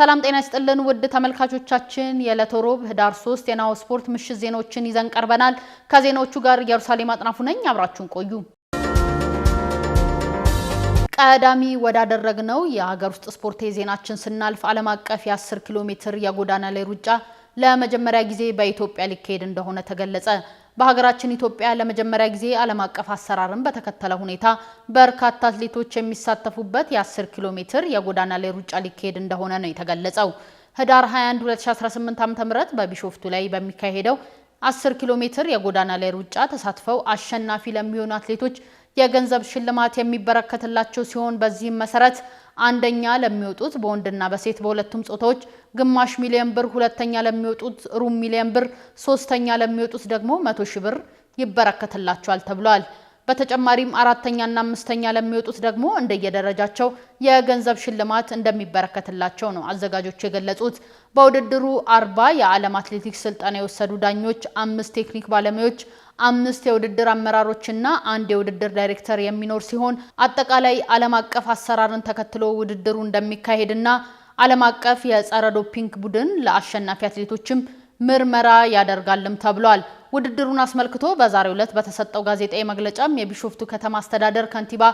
ሰላም ጤና ይስጥልን ውድ ተመልካቾቻችን፣ የዕለተ ሮብ ህዳር 3 ጤናው ስፖርት ምሽት ዜናዎችን ይዘን ቀርበናል። ከዜናዎቹ ጋር ኢየሩሳሌም አጥናፉ ነኝ፣ አብራችሁን ቆዩ። ቀዳሚ ወዳደረግነው የሀገር ውስጥ ስፖርት የዜናችን ስናልፍ ዓለም አቀፍ የ10 ኪሎ ሜትር የጎዳና ላይ ሩጫ ለመጀመሪያ ጊዜ በኢትዮጵያ ሊካሄድ እንደሆነ ተገለጸ። በሀገራችን ኢትዮጵያ ለመጀመሪያ ጊዜ ዓለም አቀፍ አሰራርን በተከተለ ሁኔታ በርካታ አትሌቶች የሚሳተፉበት የ10 ኪሎ ሜትር የጎዳና ላይ ሩጫ ሊካሄድ እንደሆነ ነው የተገለጸው። ህዳር 21 2018 ዓ.ም በቢሾፍቱ ላይ በሚካሄደው 10 ኪሎ ሜትር የጎዳና ላይ ሩጫ ተሳትፈው አሸናፊ ለሚሆኑ አትሌቶች የገንዘብ ሽልማት የሚበረከትላቸው ሲሆን በዚህም መሰረት አንደኛ ለሚወጡት በወንድና በሴት በሁለቱም ጾታዎች ግማሽ ሚሊዮን ብር፣ ሁለተኛ ለሚወጡት ሩብ ሚሊዮን ብር፣ ሶስተኛ ለሚወጡት ደግሞ መቶ ሺ ብር ይበረከትላቸዋል ተብሏል። በተጨማሪም አራተኛና አምስተኛ ለሚወጡት ደግሞ እንደየደረጃቸው የገንዘብ ሽልማት እንደሚበረከትላቸው ነው አዘጋጆች የገለጹት። በውድድሩ አርባ የዓለም አትሌቲክስ ስልጠና የወሰዱ ዳኞች፣ አምስት ቴክኒክ ባለሙያዎች አምስት የውድድር አመራሮችና አንድ የውድድር ዳይሬክተር የሚኖር ሲሆን አጠቃላይ ዓለም አቀፍ አሰራርን ተከትሎ ውድድሩ እንደሚካሄድና ዓለም አቀፍ የጸረ ዶፒንግ ቡድን ለአሸናፊ አትሌቶችም ምርመራ ያደርጋልም ተብሏል። ውድድሩን አስመልክቶ በዛሬው ዕለት በተሰጠው ጋዜጣዊ መግለጫም የቢሾፍቱ ከተማ አስተዳደር ከንቲባ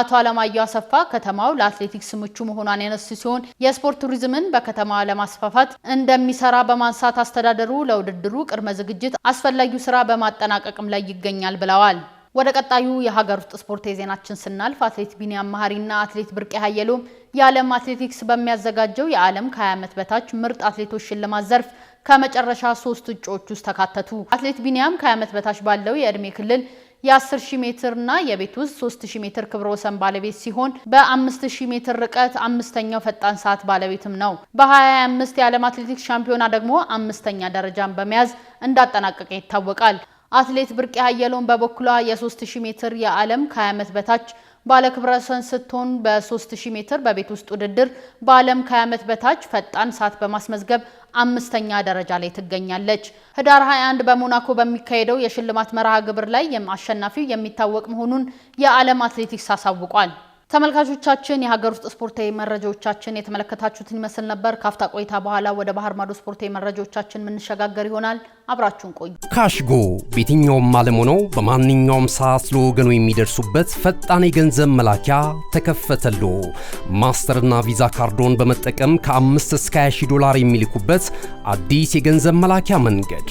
አቶ አለማየሁ አሰፋ ከተማው ለአትሌቲክስ ምቹ መሆኗን ያነሱ ሲሆን የስፖርት ቱሪዝምን በከተማዋ ለማስፋፋት እንደሚሰራ በማንሳት አስተዳደሩ ለውድድሩ ቅድመ ዝግጅት አስፈላጊው ስራ በማጠናቀቅም ላይ ይገኛል ብለዋል። ወደ ቀጣዩ የሀገር ውስጥ ስፖርት የዜናችን ስናልፍ አትሌት ቢኒያም መሀሪና አትሌት ብርቄ ሀየሎም የዓለም አትሌቲክስ በሚያዘጋጀው የዓለም ከ20 ዓመት በታች ምርጥ አትሌቶች ሽልማት ዘርፍ ከመጨረሻ ሶስት እጩዎች ውስጥ ተካተቱ። አትሌት ቢኒያም ከዓመት በታች ባለው የዕድሜ ክልል የ 10000 ሜትር እና የቤት ውስጥ 3000 ሜትር ክብረ ወሰን ባለቤት ሲሆን በ5000 ሜትር ርቀት አምስተኛው ፈጣን ሰዓት ባለቤትም ነው። በ25 የዓለም አትሌቲክስ ሻምፒዮና ደግሞ አምስተኛ ደረጃን በመያዝ እንዳጠናቀቀ ይታወቃል። አትሌት ብርቄ አየሎም በበኩሏ የ3000 ሜትር የዓለም ከ20 ዓመት በታች ባለ ክብረ ወሰን ስትሆን በ3000 ሜትር በቤት ውስጥ ውድድር በዓለም ከ20 ዓመት በታች ፈጣን ሰዓት በማስመዝገብ አምስተኛ ደረጃ ላይ ትገኛለች። ህዳር 21 በሞናኮ በሚካሄደው የሽልማት መርሃ ግብር ላይ አሸናፊው የሚታወቅ መሆኑን የዓለም አትሌቲክስ አሳውቋል። ተመልካቾቻችን የሀገር ውስጥ ስፖርታዊ መረጃዎቻችን የተመለከታችሁትን ይመስል ነበር። ካፍታ ቆይታ በኋላ ወደ ባህር ማዶ ስፖርታዊ መረጃዎቻችን የምንሸጋገር ይሆናል። አብራችሁን ቆዩ። ካሽጎ በየትኛውም ዓለም ሆነው በማንኛውም ሰዓት ለወገኑ የሚደርሱበት ፈጣን የገንዘብ መላኪያ ተከፈተሉ። ማስተርና ቪዛ ካርዶን በመጠቀም ከ5 እስከ 20 ዶላር የሚልኩበት አዲስ የገንዘብ መላኪያ መንገድ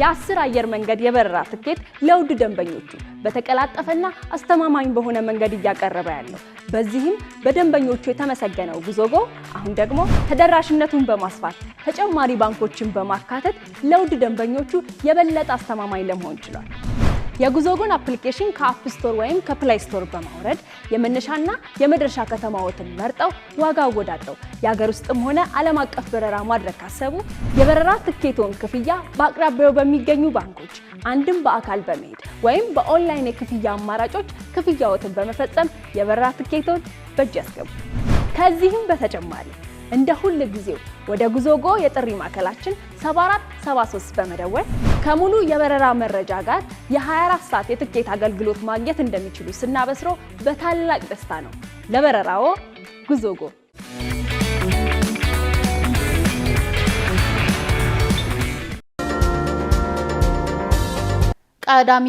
የአስር አየር መንገድ የበረራ ትኬት ለውድ ደንበኞቹ በተቀላጠፈና አስተማማኝ በሆነ መንገድ እያቀረበ ያለው በዚህም በደንበኞቹ የተመሰገነው ጉዞጎ አሁን ደግሞ ተደራሽነቱን በማስፋት ተጨማሪ ባንኮችን በማካተት ለውድ ደንበኞቹ የበለጠ አስተማማኝ ለመሆን ችሏል። የጉዞጎን አፕሊኬሽን ከአፕ ስቶር ወይም ከፕላይ ስቶር በማውረድ የመነሻና የመድረሻ ከተማዎትን መርጠው ዋጋ አወዳድረው የሀገር ውስጥም ሆነ ዓለም አቀፍ በረራ ማድረግ ካሰቡ የበረራ ትኬቶን ክፍያ በአቅራቢያው በሚገኙ ባንኮች አንድም በአካል በመሄድ ወይም በኦንላይን የክፍያ አማራጮች ክፍያዎትን በመፈጸም የበረራ ትኬቶን በእጅ ያስገቡ። ከዚህም በተጨማሪ እንደ ሁል ጊዜው ወደ ጉዞጎ የጥሪ ማዕከላችን 7473 በመደወል ከሙሉ የበረራ መረጃ ጋር የ24 ሰዓት የትኬት አገልግሎት ማግኘት እንደሚችሉ ስናበስሮ በታላቅ ደስታ ነው። ለበረራዎ ጉዞጎ ቀዳሚ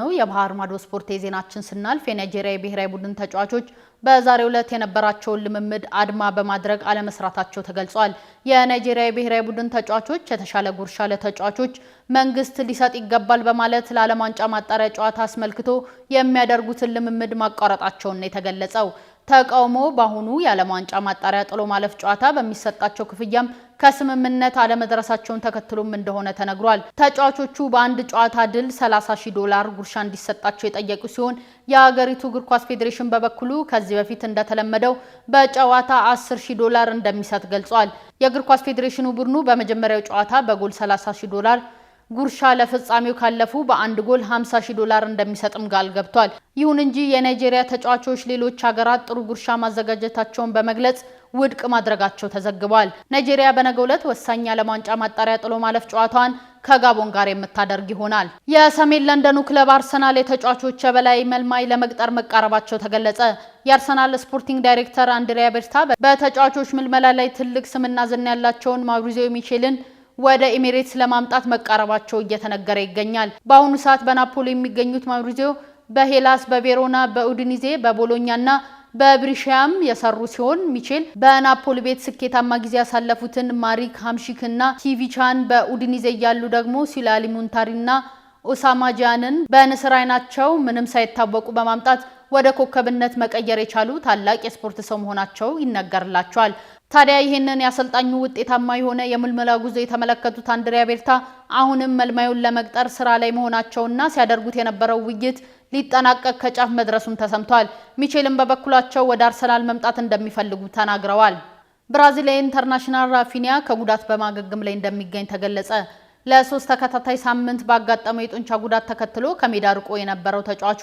ነው የባህር ማዶ ስፖርት የዜናችን ስናልፍ የናይጄሪያ የብሔራዊ ቡድን ተጫዋቾች በዛሬው ዕለት የነበራቸውን ልምምድ አድማ በማድረግ አለመስራታቸው ተገልጿል። የናይጄሪያ የብሔራዊ ቡድን ተጫዋቾች የተሻለ ጉርሻ ለተጫዋቾች መንግስት ሊሰጥ ይገባል በማለት ለዓለም ዋንጫ ማጣሪያ ጨዋታ አስመልክቶ የሚያደርጉትን ልምምድ ማቋረጣቸውን የተገለጸው። ተቃውሞ በአሁኑ የዓለም ዋንጫ ማጣሪያ ጥሎ ማለፍ ጨዋታ በሚሰጣቸው ክፍያም ከስምምነት አለመድረሳቸውን ተከትሎም እንደሆነ ተነግሯል። ተጫዋቾቹ በአንድ ጨዋታ ድል 30 ሺህ ዶላር ጉርሻ እንዲሰጣቸው የጠየቁ ሲሆን የሀገሪቱ እግር ኳስ ፌዴሬሽን በበኩሉ ከዚህ በፊት እንደተለመደው በጨዋታ 10 ሺህ ዶላር እንደሚሰጥ ገልጿል። የእግር ኳስ ፌዴሬሽኑ ቡድኑ በመጀመሪያው ጨዋታ በጎል 30 ሺህ ዶላር ጉርሻ ለፍጻሜው ካለፉ በአንድ ጎል 50 ሺህ ዶላር እንደሚሰጥም ቃል ገብቷል። ይሁን እንጂ የናይጄሪያ ተጫዋቾች ሌሎች ሀገራት ጥሩ ጉርሻ ማዘጋጀታቸውን በመግለጽ ውድቅ ማድረጋቸው ተዘግቧል። ናይጄሪያ በነገው ዕለት ወሳኝ የዓለም ዋንጫ ማጣሪያ ጥሎ ማለፍ ጨዋታዋን ከጋቦን ጋር የምታደርግ ይሆናል። የሰሜን ለንደኑ ክለብ አርሰናል የተጫዋቾች የበላይ መልማይ ለመቅጠር መቃረባቸው ተገለጸ። የአርሰናል ስፖርቲንግ ዳይሬክተር አንድሪያ ቤርታ በተጫዋቾች ምልመላ ላይ ትልቅ ስምና ዝና ያላቸውን ማውሪዚዮ ሚሼልን ወደ ኤሚሬትስ ለማምጣት መቃረባቸው እየተነገረ ይገኛል። በአሁኑ ሰዓት በናፖሊ የሚገኙት ማውሪዚዮ በሄላስ፣ በቬሮና፣ በኡድኒዜ፣ በቦሎኛና በብሪሻም የሰሩ ሲሆን ሚቼል በናፖል ቤት ስኬታማ ጊዜ ያሳለፉትን ማሪክ ሀምሺክና ኪቪቻን በኡድኒዜ እያሉ ደግሞ ሲላሊ ሙንታሪና ኦሳማ ጃንን በንስር አይናቸው ምንም ሳይታወቁ በማምጣት ወደ ኮከብነት መቀየር የቻሉ ታላቅ የስፖርት ሰው መሆናቸው ይነገርላቸዋል። ታዲያ ይህንን የአሰልጣኙ ውጤታማ የሆነ የምልመላ ጉዞ የተመለከቱት አንድሪያ ቤርታ አሁንም መልማዩን ለመቅጠር ስራ ላይ መሆናቸውና ሲያደርጉት የነበረው ውይይት ሊጠናቀቅ ከጫፍ መድረሱን ተሰምቷል። ሚቼልን በበኩላቸው ወደ አርሰናል መምጣት እንደሚፈልጉ ተናግረዋል። ብራዚል ኢንተርናሽናል ራፊኒያ ከጉዳት በማገገም ላይ እንደሚገኝ ተገለጸ። ለሶስት ተከታታይ ሳምንት ባጋጠመው የጡንቻ ጉዳት ተከትሎ ከሜዳ ርቆ የነበረው ተጫዋቹ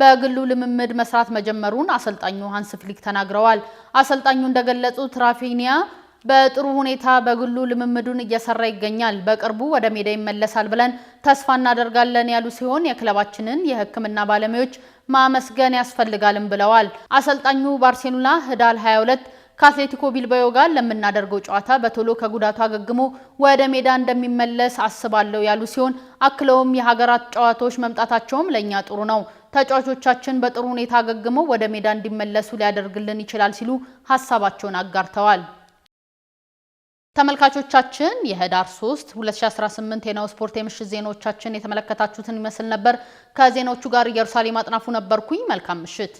በግሉ ልምምድ መስራት መጀመሩን አሰልጣኙ ሃንስ ፍሊክ ተናግረዋል። አሰልጣኙ እንደገለጹት ራፊኒያ በጥሩ ሁኔታ በግሉ ልምምዱን እየሰራ ይገኛል። በቅርቡ ወደ ሜዳ ይመለሳል ብለን ተስፋ እናደርጋለን ያሉ ሲሆን የክለባችንን የሕክምና ባለሙያዎች ማመስገን ያስፈልጋልም ብለዋል። አሰልጣኙ ባርሴሎና ህዳር 22 ከአትሌቲኮ ቢልባዮ ጋር ለምናደርገው ጨዋታ በቶሎ ከጉዳቱ አገግሞ ወደ ሜዳ እንደሚመለስ አስባለሁ ያሉ ሲሆን አክለውም የሀገራት ጨዋታዎች መምጣታቸውም ለእኛ ጥሩ ነው ተጫዋቾቻችን በጥሩ ሁኔታ አገግመው ወደ ሜዳ እንዲመለሱ ሊያደርግልን ይችላል ሲሉ ሀሳባቸውን አጋርተዋል። ተመልካቾቻችን የህዳር 3 2018 ቴናሁ ስፖርት የምሽት ዜናዎቻችን የተመለከታችሁትን ይመስል ነበር። ከዜናዎቹ ጋር ኢየሩሳሌም አጥናፉ ነበርኩኝ። መልካም ምሽት